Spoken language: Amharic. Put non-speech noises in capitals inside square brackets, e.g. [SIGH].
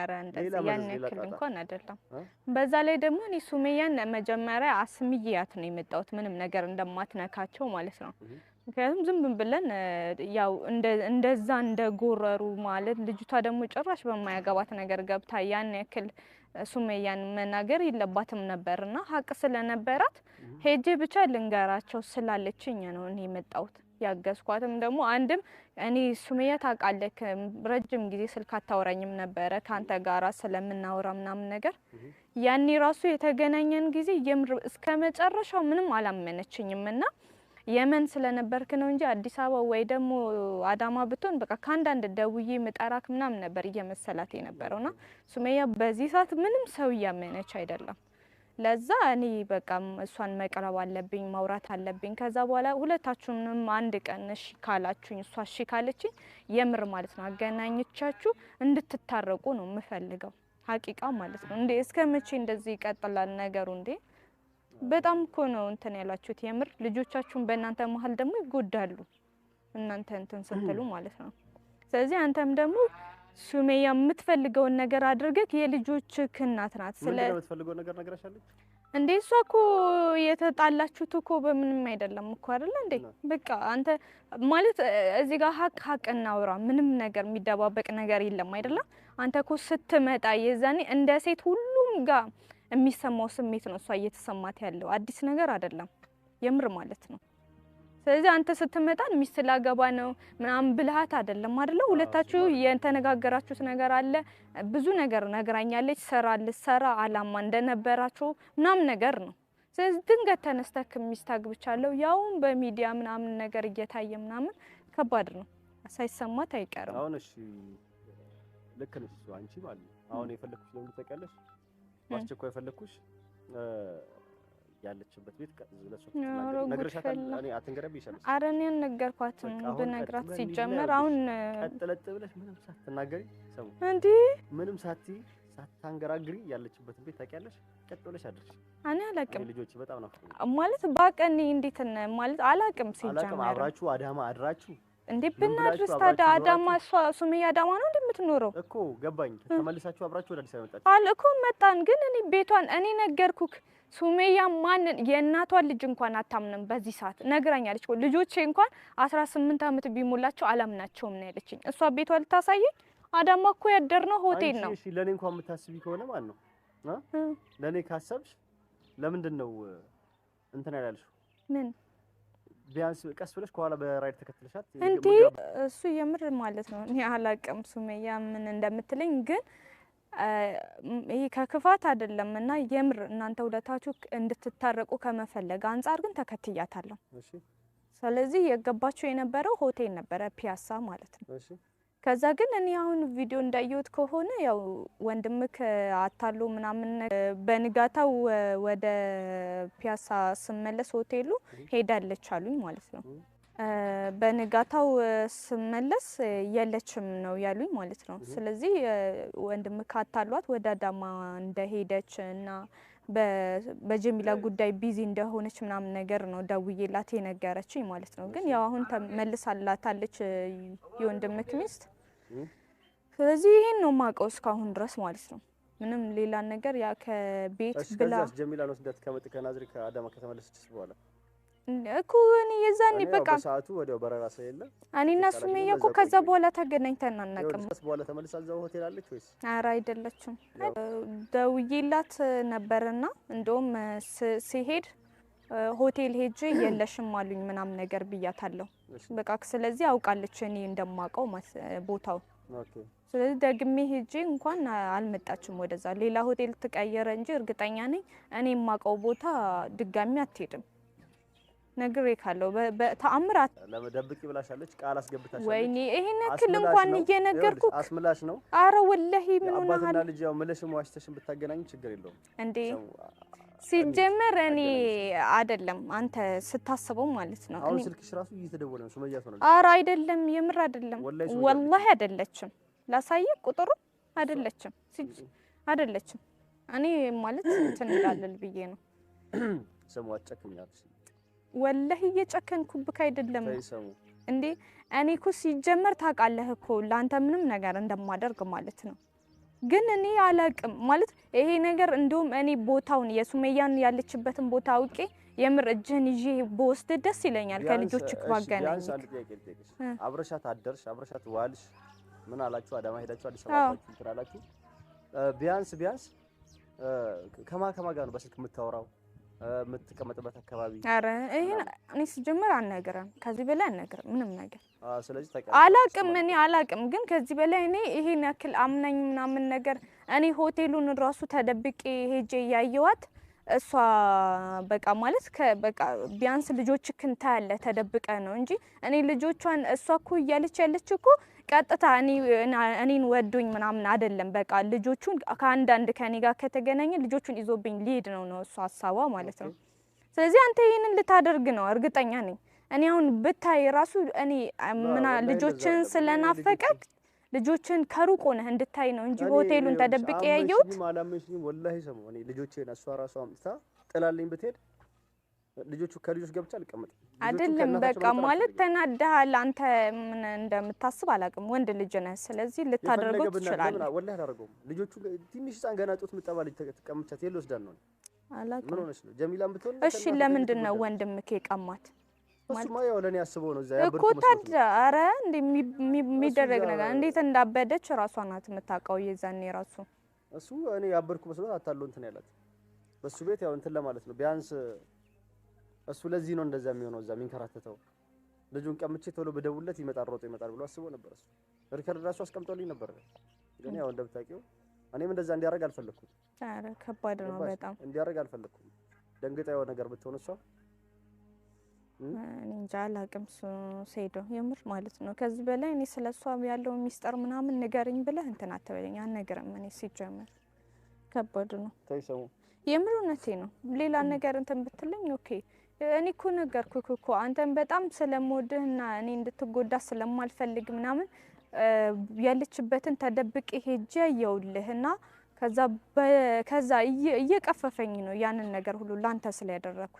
ኧረ እንደዚህ ያን ያክል እንኳን አይደለም። በዛ ላይ ደግሞ እኔ ሱሜያን መጀመሪያ አስምዬያት ነው የመጣሁት ምንም ነገር እንደማትነካቸው ማለት ነው። ምክንያቱም ዝም ብለን ያው እንደዛ እንደጎረሩ ማለት ልጅቷ ደግሞ ጭራሽ በማያገባት ነገር ገብታ ያን ያክል ሱሜያን መናገር የለባትም ነበር እና ሀቅ ስለነበራት ሄጄ ብቻ ልንገራቸው ስላለችኝ ነው እኔ የመጣሁት። ያገዝኳትም ደግሞ አንድም እኔ ሱመያ ታውቃለህ፣ ረጅም ጊዜ ስልክ አታወራኝም ነበረ ከአንተ ጋር ስለምናወራ ምናምን ነገር ያኔ ራሱ የተገናኘን ጊዜ የምር እስከ መጨረሻው ምንም አላመነችኝም እና የመን ስለነበርክ ነው እንጂ አዲስ አበባ ወይ ደግሞ አዳማ ብትሆን በቃ ከአንዳንድ ደውዬ ምጠራክ ምናምን ነበር እየመሰላት የነበረውና ሱመያ በዚህ ሰዓት ምንም ሰው እያመነች አይደለም። ለዛ እኔ በቃ እሷን መቅረብ አለብኝ ማውራት አለብኝ። ከዛ በኋላ ሁለታችሁንም አንድ ቀን እሺ ካላችሁኝ እሷ እሺ ካለችኝ የምር ማለት ነው አገናኝቻችሁ እንድትታረቁ ነው የምፈልገው። ሀቂቃ ማለት ነው እንዴ! እስከ መቼ እንደዚህ ይቀጥላል ነገሩ እንዴ? በጣም እኮ ነው እንትን ያላችሁት። የምር ልጆቻችሁን በእናንተ መሀል ደግሞ ይጎዳሉ እናንተ እንትን ስትሉ ማለት ነው። ስለዚህ አንተም ደግሞ ሱሜያ የምትፈልገውን ነገር አድርገህ የልጆች እናት ናት። ስለ የምትፈልገው ነገር ነግራሻለች እንዴ? እሷ እኮ የተጣላችሁት እኮ በምንም አይደለም እኮ አይደለ እንዴ? በቃ አንተ ማለት እዚህ ጋር ሀቅ ሀቅ እናውራ። ምንም ነገር የሚደባበቅ ነገር የለም አይደለም። አንተ እኮ ስትመጣ የዛኔ እንደ ሴት ሁሉም ጋር የሚሰማው ስሜት ነው እሷ እየተሰማት ያለው አዲስ ነገር አይደለም። የምር ማለት ነው ስለዚህ አንተ ስትመጣ ሚስት ላገባ ነው ምናምን ብልሃት አይደለም አይደለ? ሁለታችሁ የተነጋገራችሁት ነገር አለ። ብዙ ነገር ነግራኛለች። ስራ ልሰራ አላማ እንደነበራችሁ ምናምን ነገር ነው። ስለዚህ ድንገት ተነስተህ ሚስት አግብቻለሁ ያውም በሚዲያ ምናምን ነገር እየታየ ምናምን ከባድ ነው። ሳይሰማት አይቀርም። አሁን እሺ፣ ልክ ነሽ አንቺ ማለት አሁን የፈለኩሽ ነው ልትቀለሽ ማስቸኮ የፈለኩሽ ያለችበት ቤት ለሱ ነግረሻታል? እኔ አትንገረብ ብነግራት ሲጀመር አሁን ቀጥለጥ ብለሽ ምንም ሳትናገሪ ምንም ሳቲ ሳታንገራግሪ ቤት ታውቂያለሽ። ቀጥ ብለሽ አድርሽ። እኔ አላውቅም ልጆች በጣም ማለት እንዴት ማለት አላውቅም። ሲጀመር አብራችሁ አዳማ አድራችሁ እንዴ ብናድርስ ታዲያ አዳማ እሷ ሱመያ አዳማ ነው እንደምትኖረው እኮ ገባኝ። ተመልሳችሁ አብራችሁ ወደ አዲስ አበባ መጣችሁ አለ እኮ መጣን። ግን እኔ ቤቷን እኔ ነገርኩክ። ሱሜያ ማንን የእናቷን ልጅ እንኳን አታምንም። በዚህ ሰዓት ነግራኛለች እኮ ልጆቼ እንኳን አስራ ስምንት አመት ቢሞላቸው አላምናቸውም ነው ያለችኝ። እሷ ቤቷ ልታሳየኝ አዳማ እኮ ያደርነው ሆቴል ነው። እሺ ለኔ እንኳን የምታስቢ ከሆነ ማን ነው ለኔ ካሰብሽ ለምንድን ነው እንትን ያላልሽው ምን ቢያንስ ቀስ ብለሽ ከኋላ በራይድ ተከትለሻት እንዴ? እሱ የምር ማለት ነው። እኔ አላቅም ሱመያ ምን እንደምትለኝ ግን ይሄ ከክፋት አይደለም እና የምር እናንተ ሁለታችሁ እንድትታረቁ ከመፈለግ አንጻር ግን ተከትያታለሁ። ስለዚህ የገባችሁ የነበረው ሆቴል ነበረ ፒያሳ ማለት ነው። ከዛ ግን እኔ አሁን ቪዲዮ እንዳየሁት ከሆነ ያው ወንድምህ አታሎ ምናምን በንጋታው ወደ ፒያሳ ስመለስ ሆቴሉ ሄዳለች አሉኝ ማለት ነው። በንጋታው ስመለስ የለችም ነው ያሉኝ ማለት ነው። ስለዚህ ወንድምህ አታሏት ወደ አዳማ እንደሄደች እና በጀሚላ ጉዳይ ቢዚ እንደሆነች ምናምን ነገር ነው ደውዬላት የነገረችኝ ማለት ነው። ግን ያው አሁን መልሳላታለች የወንድምክ ሚስት ስለዚህ ይሄን ነው የማውቀው እስካሁን ድረስ ማለት ነው። ምንም ሌላ ነገር ያ ከቤት ብላ ጀሚላ ነው ስደት ከመጥ ከናዝሬት ከአዳማ ከተመለሰች በኋላ እኮ እኔ የዛኔ በቃ ሰዓቱ ወዲያው በረራ ስለሌለ እኔ እና ሱመያ እኮ ከዛ በኋላ ተገናኝተን አናውቅም። በኋላ ተመልሳ እዛው ሆቴል አለች ወይስ? ኧረ አይደለችም። ደውዬላት ነበርና እንደውም ሲሄድ ሆቴል ሄጄ የለሽም አሉኝ ምናምን ነገር ብያታለሁ። በቃ ስለዚህ አውቃለች እኔ እንደማውቀው ቦታው። ስለዚህ ደግሜ ሄጄ እንኳን አልመጣችም ወደዛ፣ ሌላ ሆቴል ትቀየረ እንጂ እርግጠኛ ነኝ እኔ የማውቀው ቦታ ድጋሚ አትሄድም። ነግሬ ካለው በተአምራት ለመደብቂ ብላሻለች፣ ቃል አስገብታሻለች። ወይኔ ይሄን እክል እንኳን እየነገርኩ አስምላሽ ነው። አረ ወላሂ ምን ሆነሃል? ልጅ ያው ምልሽም ዋሽተሽም ብታገናኝ ችግር የለውም እንዴ ሲጀመር እኔ አይደለም አንተ ስታስበው ማለት ነው። አሁን ስልክሽ ራሱ እየተደወለ ነው ሱመያ ነው። ኧረ አይደለም፣ የምር አይደለም፣ ወላሂ አይደለችም። ላሳየህ ቁጥሩ አይደለችም፣ አይደለችም። እኔ ማለት እንትን እንዳለል ብዬ ነው [CLEARS THROAT] ስሙ። አጨክኛለሽ ወላሂ እየጨከንኩብክ አይደለም እንዴ። እኔ እኮ ሲጀመር ታውቃለህ እኮ ለአንተ ምንም ነገር እንደማደርግ ማለት ነው ግን እኔ አላቅም ማለት ይሄ ነገር እንደውም እኔ ቦታውን የሱሜያን ያለችበትን ቦታ አውቄ የምር እጅህን ይዤ በወስድ ደስ ይለኛል። ከልጆች ባገናኝ አብረሻት አደርሽ አብረሻት ዋልሽ ምን አላችሁ? አዳማ ሄዳችሁ አዲስ አበባ ትላላችሁ። ቢያንስ ቢያንስ ከማ ከማ ጋር ነው በስልክ የምታወራው የምትቀመጥበት አካባቢ ኧረ ይሄን እኔ ስጀምር አልነግርም፣ ከዚህ በላይ አልነግርም ምንም ነገር አላቅም። እኔ አላቅም፣ ግን ከዚህ በላይ እኔ ይሄን ያክል አምናኝ ምናምን ነገር እኔ ሆቴሉን ራሱ ተደብቄ ሄጄ እያየዋት እሷ በቃ ማለት በቃ ቢያንስ ልጆች ክንታ ያለ ተደብቀ ነው እንጂ እኔ ልጆቿን እሷ እኮ እያለች ያለች እኮ ቀጥታ እኔን ወዱኝ ምናምን አይደለም። በቃ ልጆቹን ከአንዳንድ ከኔ ጋር ከተገናኘ ልጆቹን ይዞብኝ ሊሄድ ነው ነው እሱ ሀሳቧ ማለት ነው። ስለዚህ አንተ ይህንን ልታደርግ ነው እርግጠኛ ነኝ። እኔ አሁን ብታይ ራሱ እኔ ምና ልጆችን ስለናፈቀክ ልጆችን ከሩቅ ሆነህ እንድታይ ነው እንጂ ሆቴሉን ተደብቄ ያየሁት ልጆችን እሷ ራሷ አምጥታ ጥላልኝ ብትሄድ ልጆቹ ከልጆች ጋር ብቻ አይደለም። በቃ ማለት ተናደሃል አንተ። ምን እንደምታስብ አላውቅም። ወንድ ልጅ ነህ፣ ስለዚህ ልታደርገው ትችላለህ። ወላሂ አላደርገውም። ልጆቹ ትንሽ ህፃን ገና ጡት የምጠባ ልጅ ተቀምቻት የለ ወስዳን ነው አላውቅም። ጀሚላም ብትሆን እሺ። ለምንድን ነው ወንድምህ የቀማት? እሱማ ያው ለእኔ አስበው ነው እዛ እኮ ታዲያ። ኧረ እንደ የሚደረግ ነገር እንዴት እንዳበደች እራሷ ናት የምታውቀው። የዛኔ ራሱ እሱ እኔ ያበድኩ መስሎት አታለው እንትን ያላት በእሱ ቤት ያው እንትን ለማለት ነው ቢያንስ እሱ ለዚህ ነው እንደዛ የሚሆነው። እዛ የሚንከራተተው ልጁን ቀምቼ ቶሎ በደውለት ይመጣል፣ ሮጦ ይመጣል ብሎ አስቦ ነበር። እሱ ሪከርድ ራሱ አስቀምጦልኝ ነበር። ግን ያው እንደምታውቂው እኔም እንደዛ እንዲያደርግ አልፈለኩም። ኧረ ከባድ ነው በጣም እንዲያደርግ አልፈለኩም። ደንግጣ ያው ነገር ብትሆን እሷ እኔ እንጃ አላቅም። ሴዶ የምር ማለት ነው ከዚህ በላይ እኔ ስለ እሷ ያለው ሚስጠር ምናምን ንገርኝ ብለህ እንትን አትበለኝ። አልነግርም እኔ ሲጀምር ከባድ ነው። የምር እውነቴ ነው። ሌላ ነገር እንትን ብትለኝ ኦኬ እኔ እኮ ነገርኩ እኮ አንተን በጣም ስለምወድህና እኔ እንድትጎዳ ስለማልፈልግ ምናምን ያለችበትን ተደብቅ ሄጄ የውልህ እና ከዛ እየቀፈፈኝ ነው ያንን ነገር ሁሉ ላንተ ስላደረኩት